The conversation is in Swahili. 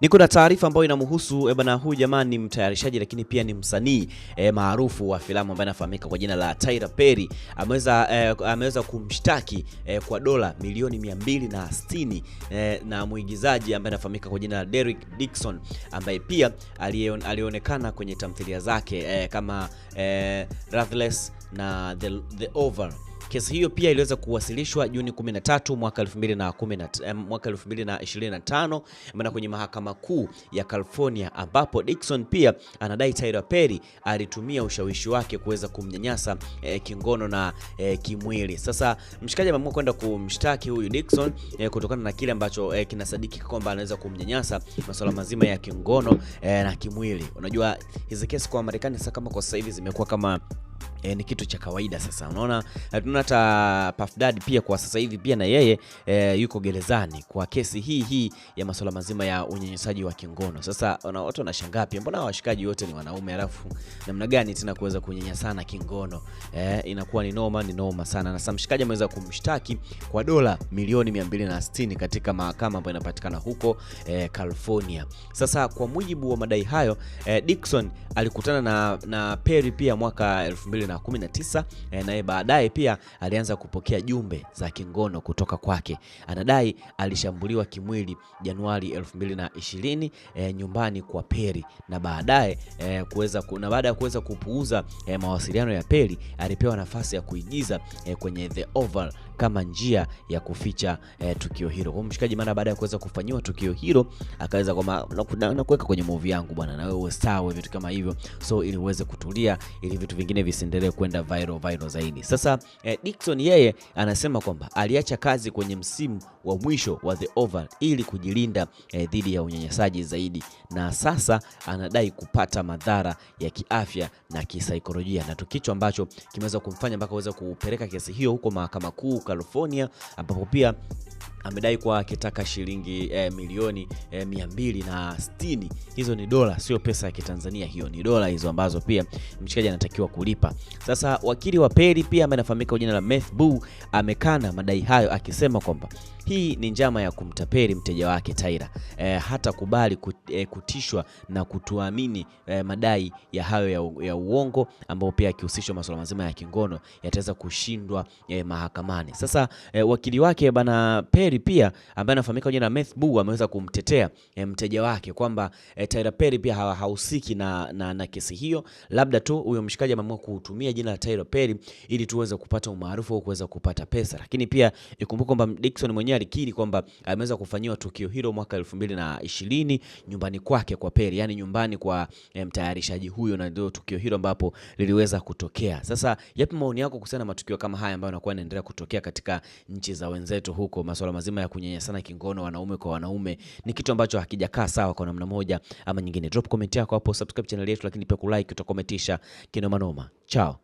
Niko na taarifa ambayo inamhusu eh, bwana Huyu jamaa ni mtayarishaji lakini pia ni msanii e, maarufu wa filamu ambaye anafahamika kwa jina la Tyler Perry ameweza e, ameweza kumshtaki e, kwa dola milioni 260 e, na mwigizaji ambaye anafahamika kwa jina la Derek Dixon ambaye pia alionekana kwenye tamthilia zake e, kama e, Ruthless na The, The Over Kesi hiyo pia iliweza kuwasilishwa Juni 13 mwaka 2025 maana eh, kwenye mahakama kuu ya California, ambapo Dickson pia anadai Tyler Perry alitumia ushawishi wake kuweza kumnyanyasa eh, kingono na eh, kimwili. Sasa mshikaji ameamua kwenda kumshtaki huyu Dickson eh, kutokana na kile ambacho eh, kinasadikika kwamba anaweza kumnyanyasa masuala mazima ya kingono eh, na kimwili. Unajua hizi kesi kwa Marekani sasa kama kwa sasa hivi zimekuwa kama E, ni kitu cha kawaida sasa. Unaona, tunaona hata Puff Daddy pia kwa sasa hivi pia na yeye e, yuko gerezani kwa kesi hii hii ya masuala mazima ya unyanyasaji wa kingono. Sasa watu wanashangaa pia, mbona washikaji wote ni wanaume, alafu namna gani tena kuweza kunyanyasana kingono e, inakuwa ni noma, ni noma sana. Na sasa mshikaji ameweza kumshtaki kwa dola milioni 260 katika mahakama ambayo inapatikana huko e, California. Sasa kwa mujibu wa madai hayo e, Dickson alikutana na, na Perry pia mwaka 2019 eh, naye baadaye pia alianza kupokea jumbe za kingono kutoka kwake. Anadai alishambuliwa kimwili Januari 2020 e, eh, nyumbani kwa Peri na baadaye e, kuweza na baada ya kuweza kupuuza e, mawasiliano ya Peri alipewa nafasi ya kuigiza e, kwenye The Oval kama njia ya kuficha eh, tukio hilo. Kwa mshikaji, mara baada ya kuweza kufanyiwa tukio hilo akaweza kwa na kuweka kwenye movie yangu bwana, na wewe sawa, vitu kama hivyo, so ili uweze kutulia, ili vitu vingine visiendelee kwenda viral viral zaidi. Sasa eh, Dickson yeye anasema kwamba aliacha kazi kwenye msimu wa mwisho wa The Oval ili kujilinda eh, dhidi ya unyanyasaji zaidi, na sasa anadai kupata madhara ya kiafya na kisaikolojia, na tukicho ambacho kimeweza kumfanya mpaka aweze kupeleka kesi hiyo huko mahakama kuu California, a amedai kuwa akitaka shilingi e, milioni e, eh, mia mbili na sitini. Hizo ni dola, sio pesa ya Kitanzania, hiyo ni dola hizo ambazo pia mshikaji anatakiwa kulipa. Sasa wakili wa Peri pia ambaye anafahamika kwa jina la Meth Boo amekana madai hayo akisema kwamba hii ni njama ya kumtapeli mteja wake Taira, E, eh, hata kubali kutishwa na kutuamini e, madai ya hayo ya, ya uongo ambao pia akihusishwa masuala mazima ya kingono yataweza kushindwa e, mahakamani. Sasa e, wakili wake bana Peri Perry pia ambaye anafahamika jina Meth Bu ameweza kumtetea e, mteja wake kwamba e, Tyler Perry pia hahusiki na, na, na kesi hiyo, labda tu huyo mshikaji ameamua kutumia jina la Tyler Perry ili tuweze kupata umaarufu au kuweza kupata pesa. Lakini pia ikumbuke kwamba Dickson mwenyewe alikiri kwamba ameweza kufanyiwa tukio hilo mwaka 2020 nyumbani kwake kwa Perry, yani nyumbani kwa e, mtayarishaji huyo, na ndio tukio hilo ambapo liliweza kutokea. Sasa yapi maoni yako kuhusiana na matukio kama haya ambayo yanakuwa yanaendelea kutokea katika nchi za wenzetu huko masuala mazima ya kunyanyasana kingono wanaume kwa wanaume ni kitu ambacho hakijakaa sawa kwa namna moja ama nyingine. Drop comment yako hapo, subscribe channel yetu, lakini pia kulike, utakometisha kinomanoma chao.